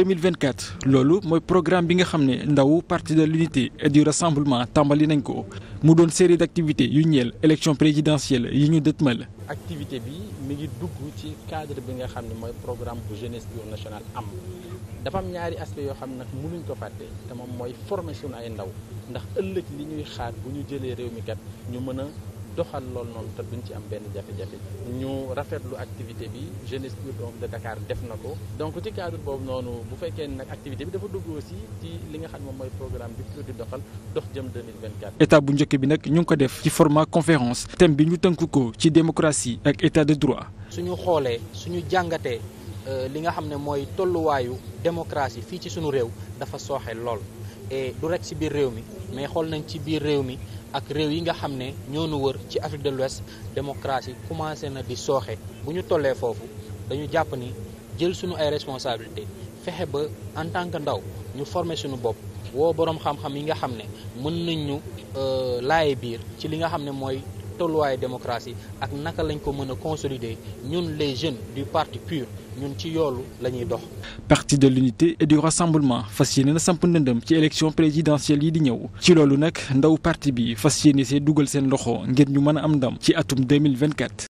2024 loolu mooy programme bi nga xam ne ndaw parti de l'unité et du rassemblement tàmbali nañ ko mu doon série d'activités yu ñeel élection présidentielle yi ñu dëtmal. activité bi mi ngi dugg ci cadre bi nga xam ne mooy programme bu jeunesse du national am dafa am ñaari aspect yoo xam ne nag mënuñ ko fàtte te moom mooy formation ay ndaw ndax ëllëg li ñuy xaar bu ñu jëlee réew mi kat ñu mën a. doxal lool noonu te duñ ci am benn jafe-jafe ñu rafetlu activité bi jeunesse pure doom de Dakar def na ko donc ci cadre boobu noonu bu fekkee nag activité bi dafa dugg aussi ci li nga xam moom mooy programme bi pour di doxal dox état bu njëkk bi ñu ngi ko def ci format conférence thème bi ñu tënk ko ci démocratie ak état de droit. suñu xoolee suñu jàngatee euh, li nga xam ne mooy tolluwaayu démocratie fii ci suñu réew dafa sooxee lool et du rek ci biir réew mi mais xool nañ ci biir réew mi. ak réew yi nga xam ne ñoonu wër ci Afrique de l'Ouest démocratie commencé na di sooxe bu ñu tollee foofu dañu jàpp ni jël suñu ay responsabilité fexe ba en tant que ndaw ñu former suñu bopp woo boroom xam-xam yi nga xam ne mën nañ ñu euh, laaye biir ci li nga xam ne mooy tolluwaayu démocratie ak naka lañ ko mën a consolider ñun les jeunes du parti PUR ñun ci yoolu la ñuy dox. parti de l'unité et du rassemblement fas yéene na samp ndëndëm ci élection présidentielle yi di ñëw ci loolu nag ndaw parti bi fas yéene see dugal seen loxo ngir ñu mën a am ndam ci atum 2024.